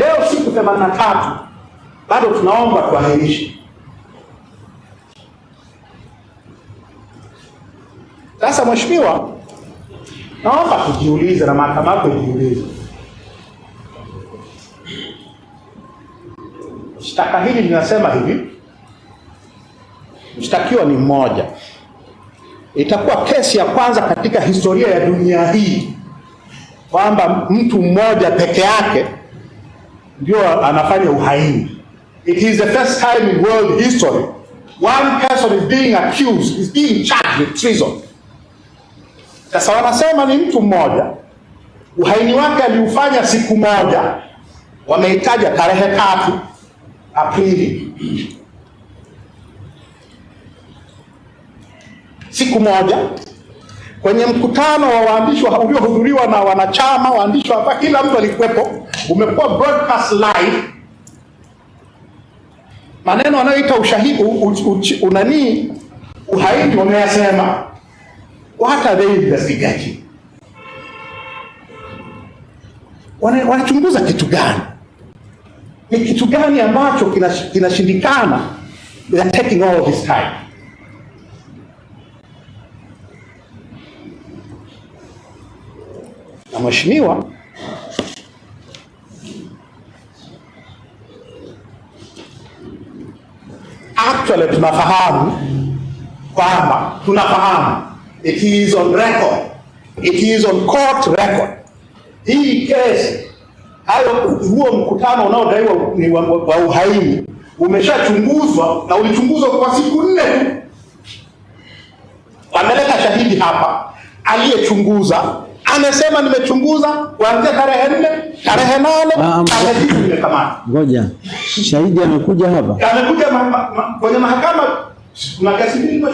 leo siku 83 bado tunaomba tuahirishe. Sasa mheshimiwa, naomba tujiulize na mahakama yako ijiulize, shtaka hili linasema hivi, mshtakiwa ni mmoja, itakuwa kesi ya kwanza katika historia ya dunia hii kwamba mtu mmoja peke yake ndio anafanya uhaini. It is the first time in world history one person is being accused, is being charged with treason. Sasa wanasema ni mtu mmoja, uhaini wake aliufanya siku moja, wameitaja tarehe tatu Aprili, siku moja kwenye mkutano wa waandishi wa uliohudhuriwa na wanachama waandishi hapa, kila mtu alikuwepo umekuwa broadcast live maneno anayoita ushahidi unanii uhaini wameyasema what are they investigating wanachunguza kitu gani ni kitu gani ambacho kinashindikana kina taking all of this time na mheshimiwa actually tunafahamu kwamba tunafahamu, it is on record, it is on court record. Hii kesi hayo, huo mkutano unaodaiwa ni wa, wa uhaini umeshachunguzwa na ulichunguzwa kwa siku nne tu. Ameleta shahidi hapa aliyechunguza, amesema nimechunguza kuanzia tarehe nne tarehe nane amekamatwa. Ah, ah, ngoja, shahidi amekuja hapa, amekuja kwenye mahakama na kesi mbili.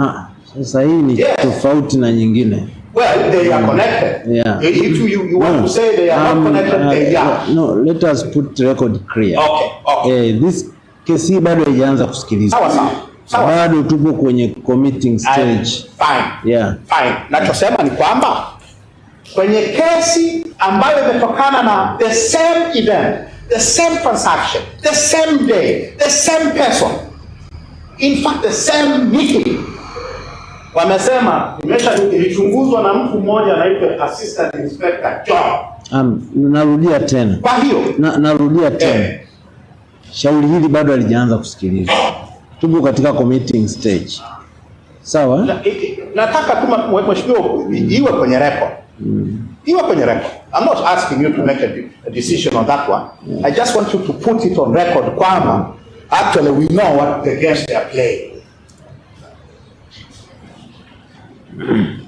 Ah, sasa hii ni tofauti na nyingine. Well, they are connected. Yeah. If you, you want to say they are um, not connected, uh, they are. No, let us put record clear. Okay, okay. Eh, this kesi bado haijaanza kusikilizwa, Sawa sawa. Bado tupo kwenye committing stage. I, fine. Yeah. Fine. Nachosema ni kwamba kwenye kesi ambayo imetokana na the same event, the same transaction, the same day, the same person, in fact the same meeting. Wamesema imechunguzwa na mtu mmoja anaitwa Assistant Inspector John. Um, narudia tena kwa hiyo na, narudia eh, tena eh, shauri hili bado halijaanza kusikilizwa, tupo katika committing stage. Sawa, nataka tu mheshimiwa iwe kwenye record Mm. You are on your record. I'm not asking you to make a, de a decision on that one. Mm. I just want you to put it on record Kwama, actually we know what the games they are playing.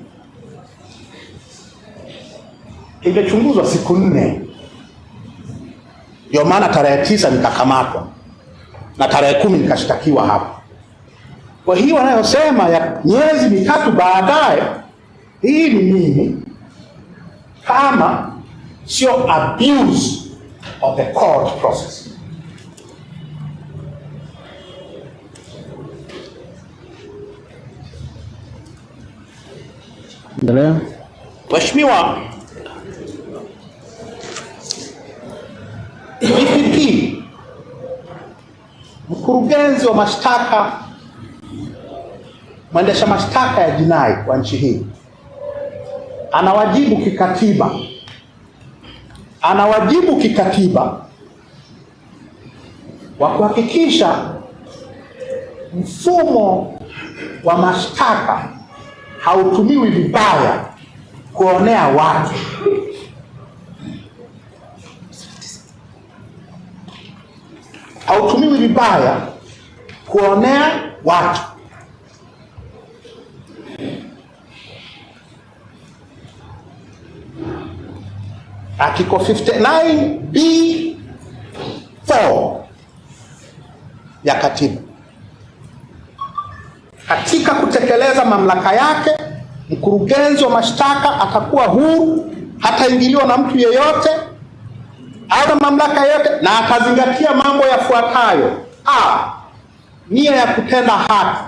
Imechunguzwa siku nne, ndio maana tarehe tisa nikakamatwa na tarehe kumi nikashtakiwa hapa. Kwa hiyo wanayosema ya miezi mitatu baadaye, hii ni mimi kama sio abuse of the court process. Endelea. Mheshimiwa DPP e mkurugenzi wa mashtaka mwendesha mashtaka ya jinai wa nchi hii anawajibu kikatiba, anawajibu kikatiba wa kuhakikisha mfumo wa mashtaka hautumiwi vibaya kuonea watu. Hautumiwi vibaya kuonea watu. Article 59B 4 ya katiba. Katika kutekeleza mamlaka yake, mkurugenzi wa mashtaka atakuwa huru, hataingiliwa na mtu yeyote au na mamlaka yote, na atazingatia mambo yafuatayo: a, nia ya kutenda haki;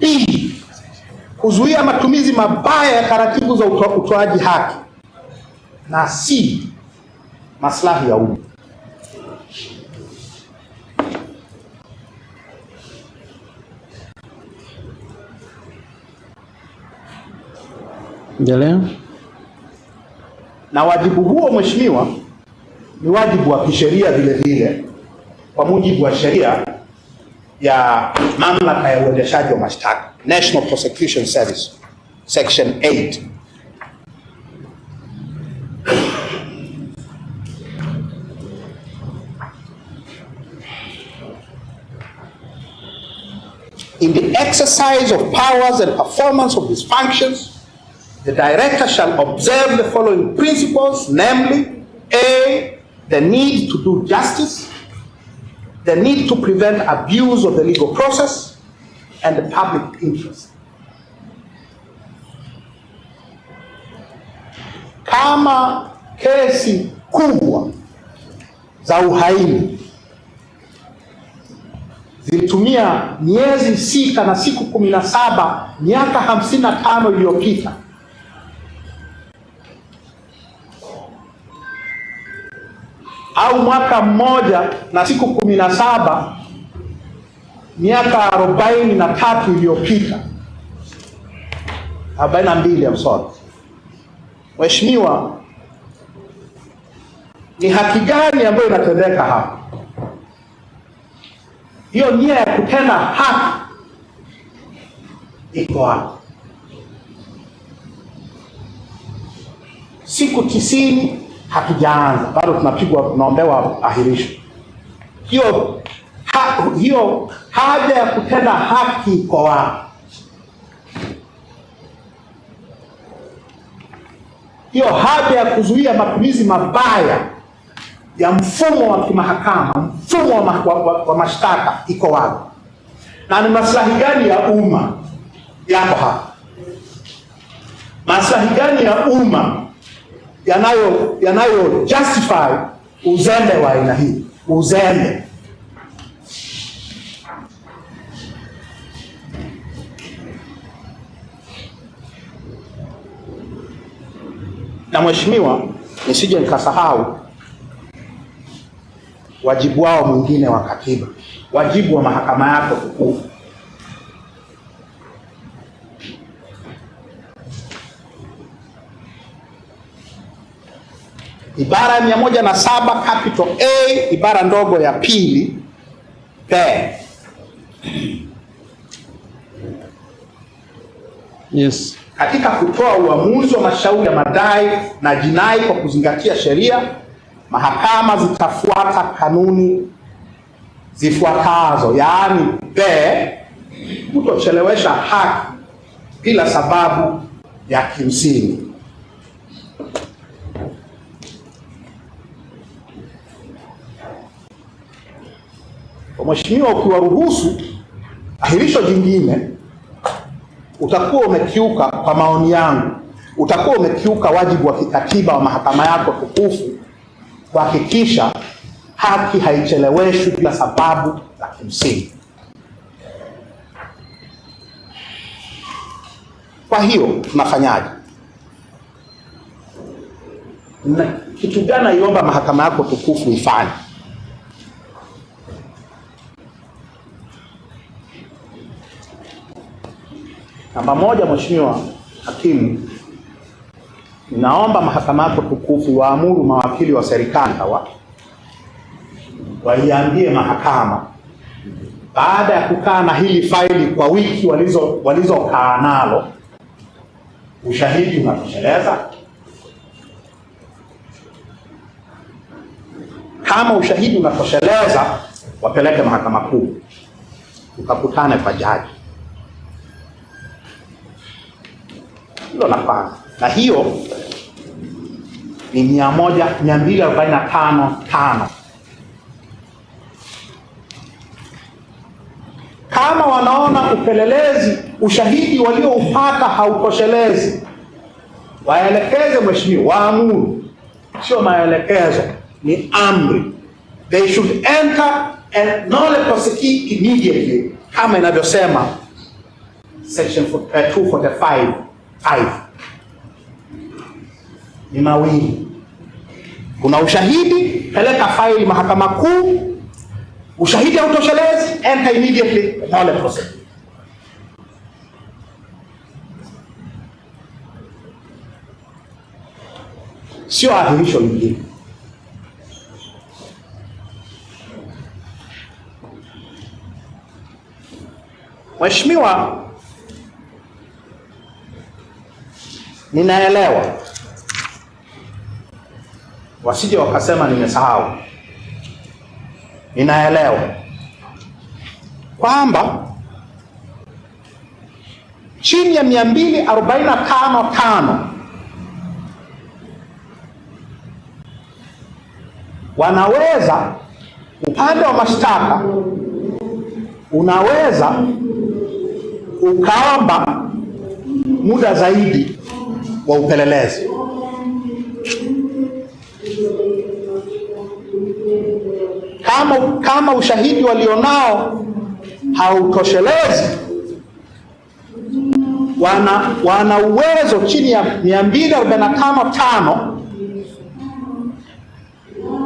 b, kuzuia matumizi mabaya ya taratibu za utoaji haki; na si maslahi ya umma. Endelea. Na wajibu huo mheshimiwa, ni wajibu wa kisheria vile vile kwa mujibu wa sheria ya mamlaka ya uendeshaji wa mashtaka, National Prosecution Service, section 8 in the exercise of powers and performance of his functions, the director shall observe the following principles, namely, A, the need to do justice, the need to prevent abuse of the legal process, and the public interest. Kama kesi kubwa za uhaini zilitumia miezi sita na siku kumi na saba miaka hamsini na tano iliyopita au mwaka mmoja na siku kumi na saba miaka arobaini na tatu iliyopita, arobaini na mbili I'm sorry. Mheshimiwa, ni haki gani ambayo inatendeka hapa? hiyo nia ya kutenda haki iko hapo. Siku tisini hatujaanza bado, tunapigwa tunaombewa ahirisho. Hiyo ha, hiyo haja ya kutenda haki iko wapi? Hiyo haja ya kuzuia matumizi mabaya ya mfumo wa kimahakama, mfumo wa, ma, wa, wa mashtaka iko wapi na ni maslahi gani ya umma yako hapa, maslahi gani ya umma yanayo yanayo justify uzembe wa aina hii, uzembe na mheshimiwa, nisije nikasahau wajibu wao mwingine wa katiba, wajibu wa mahakama yako tukufu Ibara ya mia moja na saba capital A ibara ndogo ya pili pe yes, katika kutoa uamuzi wa mashauri ya madai na jinai kwa kuzingatia sheria mahakama zitafuata kanuni zifuatazo, yaani be kutochelewesha haki bila sababu ya kimsingi. Kwa mheshimiwa, ukiwaruhusu ahirisho jingine, utakuwa umekiuka, kwa maoni yangu, utakuwa umekiuka wajibu wa kikatiba wa mahakama yako tukufu kuhakikisha haki haicheleweshwi bila sababu za kimsingi. Kwa hiyo tunafanyaje? Na kitu gani aiomba mahakama yako tukufu ifanye? Namba moja, Mheshimiwa Hakimu, Naomba mahakama yako tukufu waamuru mawakili wa serikali hawa waiambie mahakama baada ya kukaa na hili faili kwa wiki walizo walizokaa nalo, ushahidi unatosheleza? Kama ushahidi unatosheleza, wapeleke mahakama kuu, tukakutane kwa jaji. Hilo la kwanza, na hiyo ni mia moja mia mbili arobaini na tano tano. Kama wanaona upelelezi ushahidi walioupata hautoshelezi, waelekeze mheshimiwa, waamuru. Sio maelekezo, ni amri. They should enter and not prosecute immediately, kama inavyosema section 245 5 ni mawili. Kuna ushahidi, peleka faili mahakama kuu. Ushahidi hautoshelezi, enter immediately nolle process. Sio ahirisho lingine. Mheshimiwa, ninaelewa wasije wakasema nimesahau. Ninaelewa kwamba chini ya 245 wanaweza upande wa mashtaka unaweza ukaomba muda zaidi wa upelelezi. kama, kama ushahidi walionao hautoshelezi, wana wana uwezo chini ya 245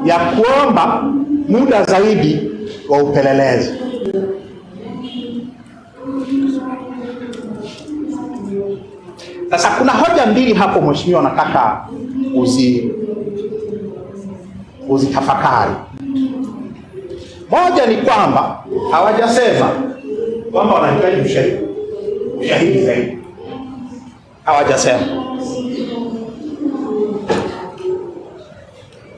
ya kuomba muda zaidi wa upelelezi. Sasa kuna hoja mbili hapo, mheshimiwa, nataka uzi uzitafakari. Moja ni kwamba hawajasema kwamba wanahitaji ushahidi, ushahidi zaidi hawajasema.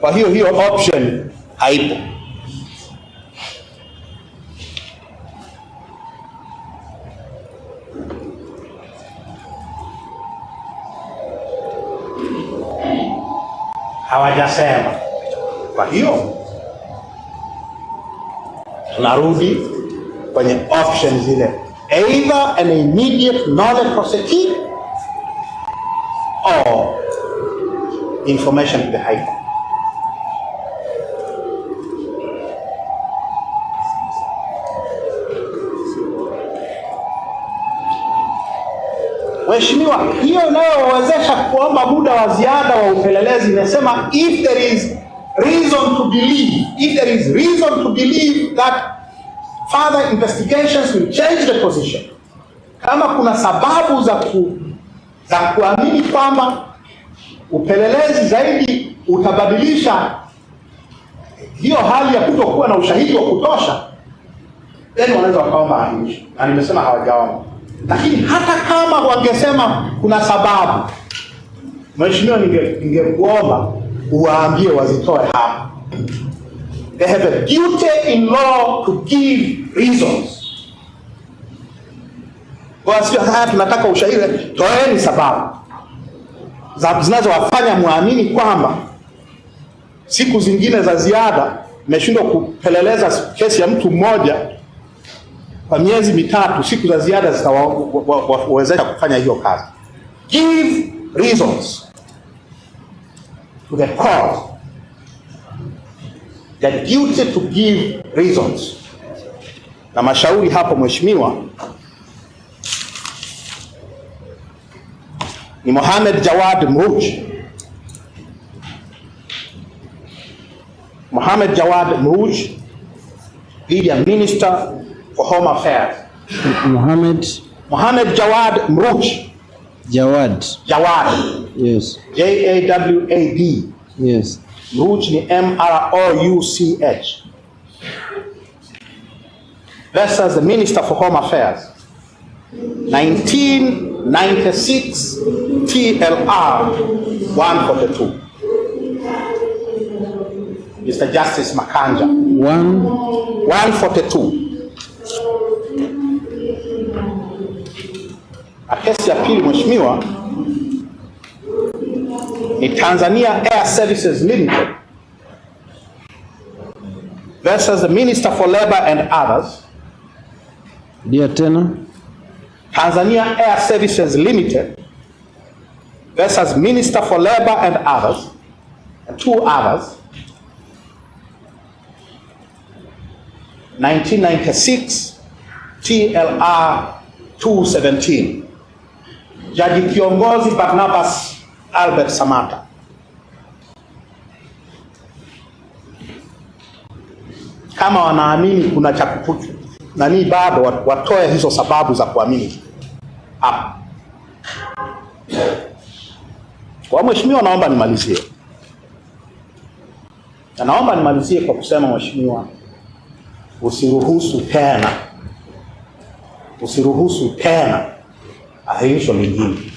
Kwa hiyo hiyo option haipo. hawajasema. Kwa hiyo narudi kwenye option zile, either an immediate knowledge prosecution or information to the high court. Mheshimiwa, hiyo inayowezesha kuomba muda wa ziada wa upelelezi imesema if there is reason to believe, if there is reason to believe that further investigations will change the position, kama kuna sababu za ku, za kuamini kwamba upelelezi zaidi utabadilisha hiyo hali ya kutokuwa na ushahidi wa kutosha, then wanaweza wakaomba ahirisho, na nimesema hawajaomba. Lakini hata kama wangesema kuna sababu, mheshimiwa, ningekuomba uwaambie wazitoe hapa. They have a duty in law to give reasons. Kwa sio haya, tunataka ushahidi, toeni sababu zinazowafanya muamini kwamba siku zingine za ziada mmeshindwa kupeleleza kesi ya mtu mmoja kwa miezi mitatu, siku za ziada zitawawezesha kufanya hiyo kazi. Give reasons to the court the duty to give reasons. Na mashauri hapo, mheshimiwa, ni Mohamed Jawad Mruj. Mohamed Jawad Mruj, ya Minister for Home Affairs. Mohamed Mohamed Jawad Mruj Jawad. Jawad. Yes. J A W A D. Yes. Ruch ni M R O U C H. Versus the Minister for Home Affairs. 1996 TLR 142. Mr. Justice Makanja. One. 142. na kesi ya pili mheshimiwa ni Tanzania Air Services Limited versus the Minister for Labor and others. Dia tena Tanzania Air Services Limited versus Minister for Labor and others and two others 1996 TLR 217 Jaji kiongozi Barnabas Albert Samata. Kama wanaamini kuna cha nani, bado watoe hizo sababu za kuamini hapa. Kwa mheshimiwa, naomba nimalizie, na naomba nimalizie kwa kusema mheshimiwa, usiruhusu tena, usiruhusu tena ahirishwa mijini.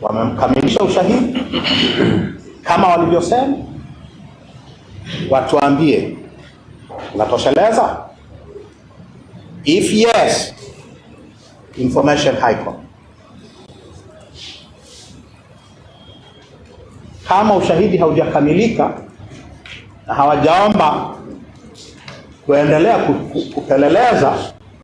Wamemkamilisha ushahidi kama walivyosema, watuambie unatosheleza? If yes, information haiko. Kama ushahidi haujakamilika na hawajaomba kuendelea kupeleleza